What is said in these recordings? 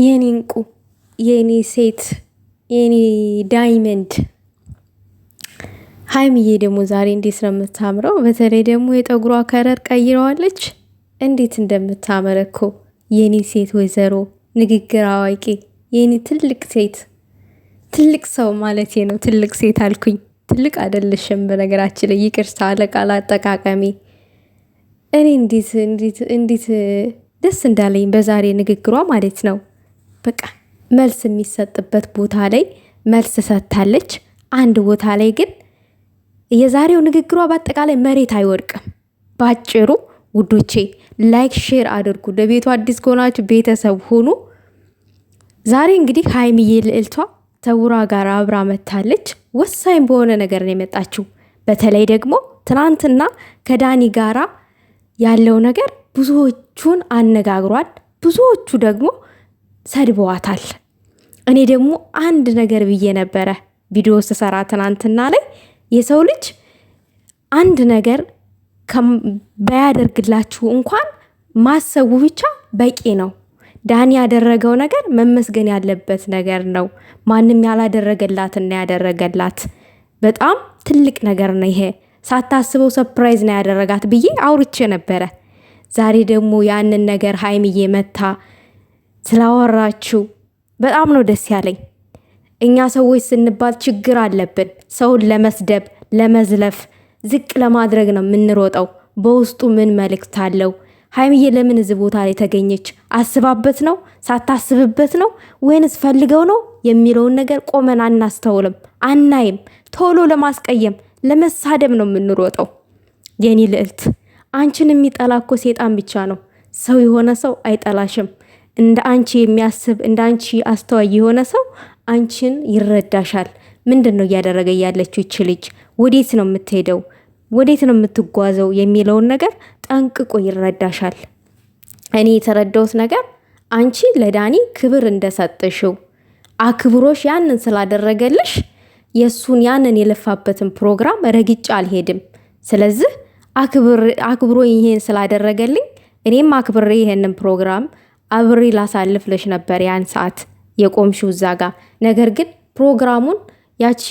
የኔ እንቁ የኔ ሴት የኔ ዳይመንድ ሀይምዬ ደግሞ ዛሬ እንዴት ነው የምታምረው! በተለይ ደግሞ የጠጉሯ ከረር ቀይረዋለች። እንዴት እንደምታምር እኮ የኔ ሴት ወይዘሮ፣ ንግግር አዋቂ፣ የኔ ትልቅ ሴት፣ ትልቅ ሰው ማለት ነው። ትልቅ ሴት አልኩኝ፣ ትልቅ አይደለሽም በነገራችን ላይ ይቅርታ፣ ለቃል አጠቃቀሜ። እኔ እንዴት እንዴት ደስ እንዳለኝ በዛሬ ንግግሯ ማለት ነው። በቃ መልስ የሚሰጥበት ቦታ ላይ መልስ ሰጥታለች። አንድ ቦታ ላይ ግን የዛሬው ንግግሯ በአጠቃላይ መሬት አይወድቅም። በአጭሩ ውዶቼ ላይክ፣ ሼር አድርጉ። ለቤቱ አዲስ ከሆናችሁ ቤተሰብ ሁኑ። ዛሬ እንግዲህ ሀይሚዬ ልዕልቷ ተውራ ጋር አብራ መታለች። ወሳኝ በሆነ ነገር ነው የመጣችው። በተለይ ደግሞ ትናንትና ከዳኒ ጋራ ያለው ነገር ብዙዎቹን አነጋግሯል። ብዙዎቹ ደግሞ ሰድበዋታል። እኔ ደግሞ አንድ ነገር ብዬ ነበረ ቪዲዮ ስሰራ ትናንትና ላይ የሰው ልጅ አንድ ነገር ባያደርግላችሁ እንኳን ማሰቡ ብቻ በቂ ነው። ዳኒ ያደረገው ነገር መመስገን ያለበት ነገር ነው። ማንም ያላደረገላትና ያደረገላት በጣም ትልቅ ነገር ነው። ይሄ ሳታስበው ሰፕራይዝ ነው ያደረጋት ብዬ አውርቼ ነበረ። ዛሬ ደግሞ ያንን ነገር ሀይምዬ መታ ስላወራችሁ በጣም ነው ደስ ያለኝ። እኛ ሰዎች ስንባል ችግር አለብን። ሰውን ለመስደብ፣ ለመዝለፍ፣ ዝቅ ለማድረግ ነው የምንሮጠው። በውስጡ ምን መልእክት አለው? ሀይምዬ ለምን እዚህ ቦታ ላይ ተገኘች? አስባበት ነው? ሳታስብበት ነው? ወይንስ ፈልገው ነው የሚለውን ነገር ቆመን አናስተውልም፣ አናይም። ቶሎ ለማስቀየም ለመሳደብ ነው የምንሮጠው። የኔ ልዕልት፣ አንቺን የሚጠላ እኮ ሴጣን ብቻ ነው። ሰው የሆነ ሰው አይጠላሽም። እንደ አንቺ የሚያስብ እንደ አንቺ አስተዋይ የሆነ ሰው አንቺን ይረዳሻል። ምንድን ነው እያደረገ ያለችው ይች ልጅ? ወዴት ነው የምትሄደው? ወዴት ነው የምትጓዘው? የሚለውን ነገር ጠንቅቆ ይረዳሻል። እኔ የተረዳሁት ነገር አንቺ ለዳኒ ክብር እንደሰጥሽው አክብሮሽ ያንን ስላደረገልሽ የእሱን ያንን የለፋበትን ፕሮግራም ረግጬ አልሄድም። ስለዚህ አክብሮ ይሄን ስላደረገልኝ እኔም አክብሬ ይሄንን ፕሮግራም አብሬ ላሳልፍ ነበር ያን ሰዓት የቆምሽው እዛ ጋ። ነገር ግን ፕሮግራሙን ያቺ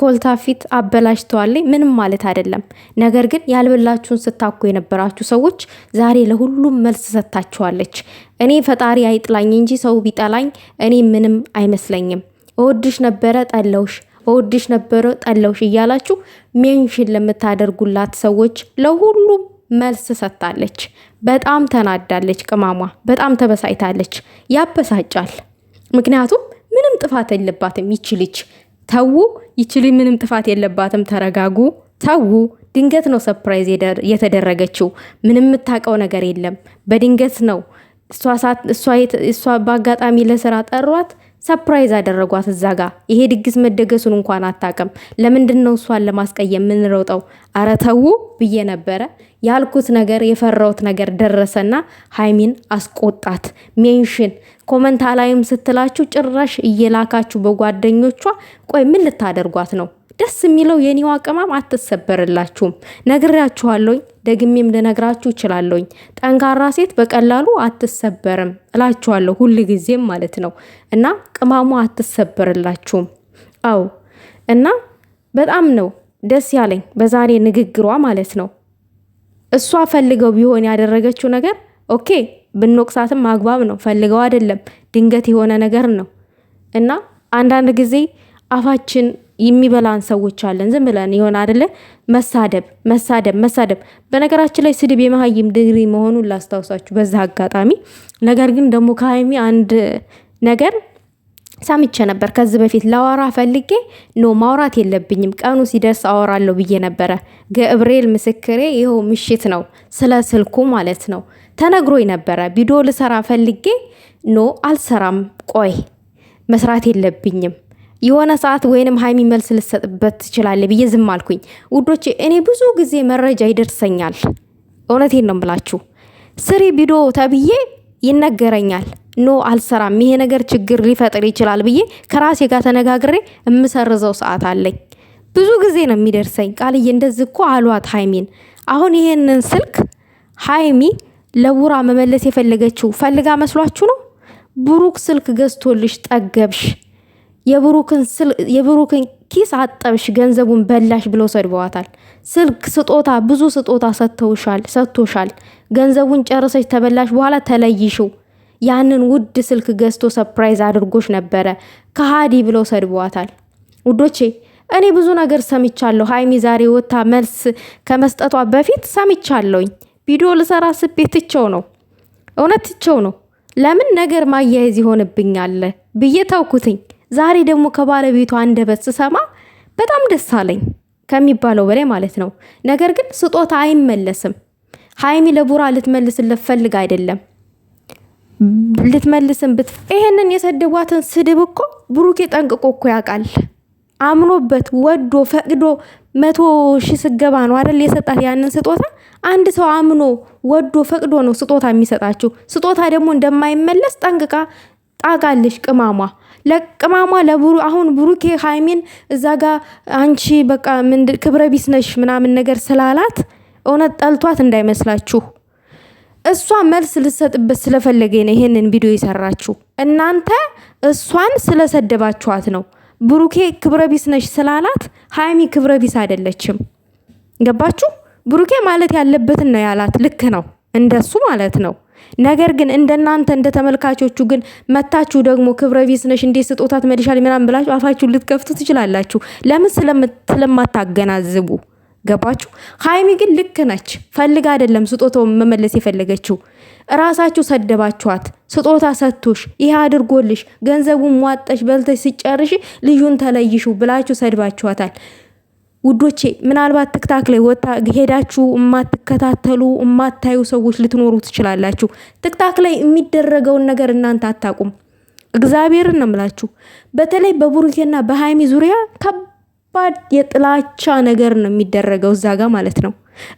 ኮልታፊት አበላሽተዋለኝ። ምንም ማለት አይደለም። ነገር ግን ያልበላችሁን ስታኮ የነበራችሁ ሰዎች ዛሬ ለሁሉም መልስ ሰጥታችኋለች። እኔ ፈጣሪ አይጥላኝ እንጂ ሰው ቢጠላኝ እኔ ምንም አይመስለኝም። እወድሽ ነበረ ጠለውሽ፣ እወድሽ ነበረ ጠለውሽ እያላችሁ ሜንሽን ለምታደርጉላት ሰዎች ለሁሉም መልስ ሰጥታለች። በጣም ተናዳለች። ቅማሟ በጣም ተበሳይታለች ያበሳጫል። ምክንያቱም ምንም ጥፋት የለባትም ይችልች ተዉ ይችል ምንም ጥፋት የለባትም። ተረጋጉ፣ ተዉ። ድንገት ነው ሰፕራይዝ የተደረገችው። ምንም የምታውቀው ነገር የለም። በድንገት ነው እሷ በአጋጣሚ ለስራ ጠሯት። ሰፕራይዝ አደረጓት እዛ ጋ ይሄ ድግስ መደገሱን እንኳን አታውቅም። ለምንድን ነው እሷን ለማስቀየም የምንሮጠው? አረ ብዬ ነበረ ያልኩት ነገር የፈራሁት ነገር ደረሰና ሀይሚን አስቆጣት። ሜንሽን ኮመንታ ላይም ስትላችሁ ጭራሽ እየላካችሁ በጓደኞቿ ቆይ ምን ልታደርጓት ነው? ደስ የሚለው የኒዋ ቅመም አትሰበርላችሁም። ነግሬያችኋለሁኝ፣ ደግሜም ልነግራችሁ እችላለሁኝ። ጠንካራ ሴት በቀላሉ አትሰበርም እላችኋለሁ፣ ሁል ጊዜም ማለት ነው። እና ቅማሙ አትሰበርላችሁም። አው እና በጣም ነው ደስ ያለኝ በዛሬ ንግግሯ ማለት ነው። እሷ ፈልገው ቢሆን ያደረገችው ነገር ኦኬ ብንወቅሳትም አግባብ ነው። ፈልገው አይደለም ድንገት የሆነ ነገር ነው እና አንዳንድ ጊዜ አፋችን የሚበላን ሰዎች አለን። ዝም ብለን ይሆን አደለ? መሳደብ መሳደብ መሳደብ። በነገራችን ላይ ስድብ የመሀይም ድግሪ መሆኑን ላስታውሳችሁ በዛ አጋጣሚ። ነገር ግን ደግሞ ከሀይሚ አንድ ነገር ሰምቼ ነበር ከዚህ በፊት ላወራ ፈልጌ ኖ ማውራት የለብኝም ቀኑ ሲደርስ አወራለሁ ብዬ ነበረ። ገብርኤል ምስክሬ ይኸው ምሽት ነው፣ ስለ ስልኩ ማለት ነው ተነግሮኝ ነበረ። ቪዲዮ ልሰራ ፈልጌ ኖ አልሰራም፣ ቆይ መስራት የለብኝም የሆነ ሰዓት ወይንም ሀይሚ መልስ ልሰጥበት ትችላለ ብዬ ዝም አልኩኝ። ውዶቼ እኔ ብዙ ጊዜ መረጃ ይደርሰኛል። እውነቴን ነው ብላችሁ ስሪ ቢዶ ተብዬ ይነገረኛል። ኖ አልሰራም፣ ይሄ ነገር ችግር ሊፈጥር ይችላል ብዬ ከራሴ ጋር ተነጋግሬ የምሰርዘው ሰዓት አለኝ። ብዙ ጊዜ ነው የሚደርሰኝ። ቃልዬ እንደዚህ እኮ አሏት ሀይሚን። አሁን ይሄንን ስልክ ሀይሚ ለውራ መመለስ የፈለገችው ፈልጋ መስሏችሁ ነው? ብሩክ ስልክ ገዝቶልሽ ጠገብሽ የብሩክን ኪስ አጠብሽ፣ ገንዘቡን በላሽ ብለው ሰድበዋታል። ስልክ፣ ስጦታ፣ ብዙ ስጦታ ሰጥተውሻል ሰጥቶሻል። ገንዘቡን ጨርሰሽ ተበላሽ በኋላ ተለይሽው። ያንን ውድ ስልክ ገዝቶ ሰፕራይዝ አድርጎሽ ነበረ። ከሃዲ ብለው ሰድበዋታል። ውዶቼ እኔ ብዙ ነገር ሰምቻለሁ። ሀይሚ ዛሬ ወታ መልስ ከመስጠቷ በፊት ሰምቻለሁኝ። ቪዲዮ ልሰራ ስቤ ትቸው ነው እውነት ትቸው ነው። ለምን ነገር ማያያዝ ይሆንብኛል ብዬ ታውኩትኝ። ዛሬ ደግሞ ከባለቤቷ አንደበት ስሰማ በጣም ደስ አለኝ ከሚባለው በላይ ማለት ነው። ነገር ግን ስጦታ አይመለስም። ሀይሚ ለቡራ ልትመልስለት ፈልግ አይደለም ልትመልስም ብት ይሄንን የሰደቧትን ስድብ እኮ ብሩኬ ጠንቅቆ እኮ ያውቃል። አምኖበት ወዶ ፈቅዶ መቶ ሺህ ስገባ ነው አደል የሰጣት ያንን ስጦታ። አንድ ሰው አምኖ ወዶ ፈቅዶ ነው ስጦታ የሚሰጣችው ስጦታ ደግሞ እንደማይመለስ ጠንቅቃ ጣቃለች ቅማሟ። ለቅማሟ ለብሩ አሁን ብሩኬ ሀይሚን እዛ ጋ አንቺ በቃ ክብረ ቢስ ነሽ ምናምን ነገር ስላላት እውነት ጠልቷት እንዳይመስላችሁ። እሷ መልስ ልሰጥበት ስለፈለገ ነው ይሄንን ቪዲዮ የሰራችሁ። እናንተ እሷን ስለሰደባችኋት ነው። ብሩኬ ክብረ ቢስ ነሽ ስላላት ሀይሚ ክብረ ቢስ አይደለችም። ገባችሁ? ብሩኬ ማለት ያለበትን ነው ያላት። ልክ ነው፣ እንደሱ ማለት ነው። ነገር ግን እንደናንተ እንደ ተመልካቾቹ ግን መታችሁ ደግሞ ክብረ ቢስ ነሽ እንዴት ስጦታት መልሻል ምናምን ብላችሁ አፋችሁን ልትከፍቱ ትችላላችሁ። ለምን ስለማታገናዝቡ ገባችሁ? ሀይሚ ግን ልክ ነች። ፈልጋ አይደለም ስጦታው መመለስ የፈለገችው እራሳችሁ ሰደባችኋት። ስጦታ ሰጥቶሽ ይህ አድርጎልሽ ገንዘቡን ሟጠሽ በልተሽ ሲጨርሽ ልጁን ተለይሹ ብላችሁ ሰድባችኋታል። ውዶቼ ምናልባት ትክታክ ላይ ወጣ ሄዳችሁ የማትከታተሉ የማታዩ ሰዎች ልትኖሩ ትችላላችሁ። ትክታክ ላይ የሚደረገውን ነገር እናንተ አታቁም። እግዚአብሔርን ነው ምላችሁ። በተለይ በቡሩኬና በሀይሚ ዙሪያ ከባድ የጥላቻ ነገር ነው የሚደረገው እዛ ጋ ማለት ነው።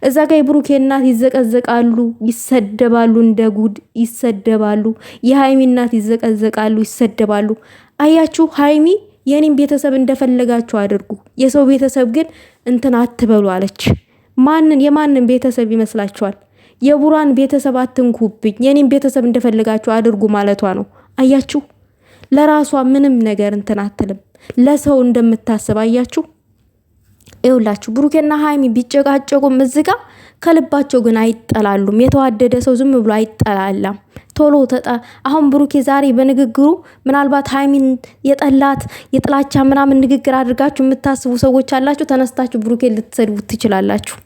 እዛ ጋ የቡሩኬ እናት ይዘቀዘቃሉ፣ ይሰደባሉ፣ እንደ ጉድ ይሰደባሉ። የሃይሚ እናት ይዘቀዘቃሉ፣ ይሰደባሉ። አያችሁ ሀይሚ የኔም ቤተሰብ እንደፈለጋችሁ አድርጉ፣ የሰው ቤተሰብ ግን እንትን አትበሉ አለች። ማንን የማንን ቤተሰብ ይመስላችኋል? የቡራን ቤተሰብ አትንኩብኝ፣ የኔም ቤተሰብ እንደፈለጋችሁ አድርጉ ማለቷ ነው። አያችሁ፣ ለራሷ ምንም ነገር እንትን አትልም፣ ለሰው እንደምታስብ አያችሁ። ይውላችሁ ብሩኬና ሀይሚ ቢጨቃጨቁም እዚጋ ከልባቸው ግን አይጠላሉም። የተዋደደ ሰው ዝም ብሎ አይጠላላም። ቶሎ ተጣ አሁን ብሩኬ ዛሬ በንግግሩ ምናልባት ሀይሚን የጠላት የጥላቻ ምናምን ንግግር አድርጋችሁ የምታስቡ ሰዎች አላችሁ። ተነስታችሁ ብሩኬ ልትሰዱ ትችላላችሁ።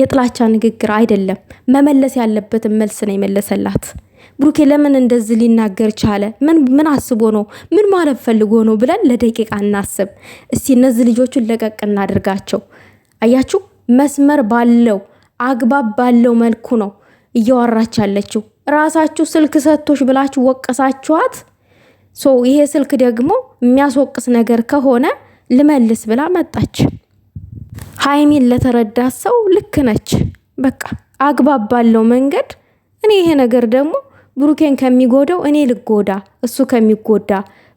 የጥላቻ ንግግር አይደለም። መመለስ ያለበትን መልስ ነው የመለሰላት። ብሩኬ ለምን እንደዚህ ሊናገር ቻለ? ምን ምን አስቦ ነው? ምን ማለት ፈልጎ ነው ብለን ለደቂቃ እናስብ እስቲ። እነዚህ ልጆቹን ለቀቅ እናድርጋቸው። አያችሁ፣ መስመር ባለው አግባብ ባለው መልኩ ነው እያወራች ያለችው ራሳችሁ ስልክ ሰቶች ብላችሁ ወቀሳችኋት። ሶ ይሄ ስልክ ደግሞ የሚያስወቅስ ነገር ከሆነ ልመልስ ብላ መጣች። ሀይሚን ለተረዳት ሰው ልክ ነች። በቃ አግባብ ባለው መንገድ እኔ ይሄ ነገር ደግሞ ብሩኬን ከሚጎደው እኔ ልጎዳ፣ እሱ ከሚጎዳ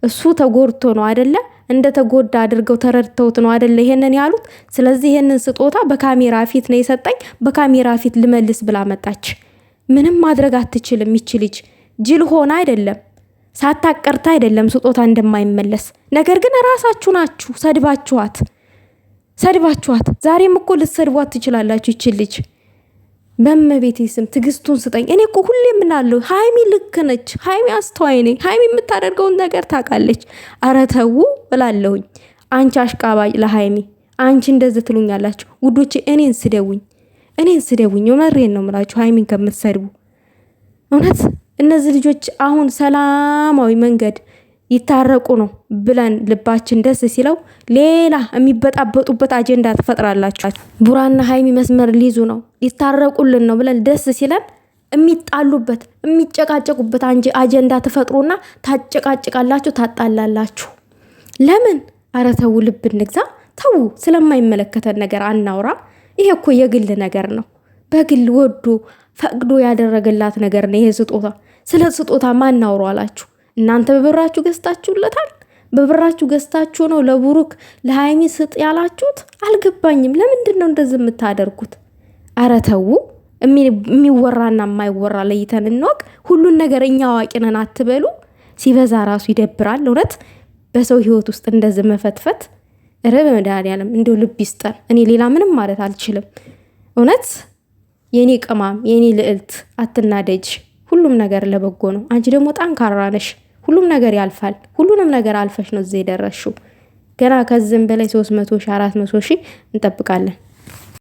እሱ ተጎድቶ ነው አደለ? እንደ ተጎዳ አድርገው ተረድተውት ነው አደለ? ይሄንን ያሉት። ስለዚህ ይሄንን ስጦታ በካሜራ ፊት ነው የሰጠኝ፣ በካሜራ ፊት ልመልስ ብላ መጣች። ምንም ማድረግ አትችልም። ይች ልጅ ጅል ሆና አይደለም ሳታቀርታ አይደለም ስጦታ እንደማይመለስ ነገር ግን ራሳችሁ ናችሁ ሰድባችኋት ሰድባችኋት። ዛሬም እኮ ልትሰድቧት ትችላላችሁ። ይች ልጅ በመቤቴ ስም ትግስቱን ስጠኝ። እኔ እኮ ሁሌ እምላለሁ ሀይሚ ልክ ነች፣ ሀይሚ አስተዋይ ነኝ፣ ሀይሚ የምታደርገውን ነገር ታውቃለች። አረ ተው አንቺ አሽቃባጭ ለሀይሚ አንቺ እንደዚህ ትሉኛላችሁ ውዶቼ፣ እኔን ስደውኝ እኔን ስደቡኝ፣ መሬን ነው የምላችሁ ሀይሚን ከምትሰድቡ እውነት እነዚህ ልጆች አሁን ሰላማዊ መንገድ ይታረቁ ነው ብለን ልባችን ደስ ሲለው ሌላ የሚበጣበጡበት አጀንዳ ትፈጥራላችሁ። ቡራና ሀይሚ መስመር ሊይዙ ነው ይታረቁልን ነው ብለን ደስ ሲለን የሚጣሉበት የሚጨቃጨቁበት አጀንዳ ትፈጥሩና ታጨቃጭቃላችሁ፣ ታጣላላችሁ። ለምን? አረ ተው፣ ልብ እንግዛ። ተው፣ ስለማይመለከተን ነገር አናውራ። ይሄ እኮ የግል ነገር ነው። በግል ወዶ ፈቅዶ ያደረገላት ነገር ነው ይሄ ስጦታ። ስለ ስጦታ ማን አውሮ አላችሁ እናንተ? በብራችሁ ገዝታችሁለታል። በብራችሁ ገዝታችሁ ነው ለቡሩክ ለሀይሚ ስጥ ያላችሁት? አልገባኝም። ለምንድን ነው እንደዚህ የምታደርጉት? አረ ተው የሚወራና የማይወራ ለይተን እንወቅ። ሁሉን ነገር እኛ አዋቂ ነን አትበሉ። ሲበዛ ራሱ ይደብራል። እውነት በሰው ህይወት ውስጥ እንደዚህ መፈትፈት እረ በመድኃኒዓለም እንዲሁ ልብ ይስጠን። እኔ ሌላ ምንም ማለት አልችልም። እውነት የእኔ ቅማም የእኔ ልዕልት አትናደጅ። ሁሉም ነገር ለበጎ ነው። አንቺ ደግሞ ጠንካራ ነሽ። ሁሉም ነገር ያልፋል። ሁሉንም ነገር አልፈሽ ነው እዚህ የደረስሽው። ገና ከዚህም በላይ ሶስት መቶ ሺህ አራት መቶ ሺህ እንጠብቃለን።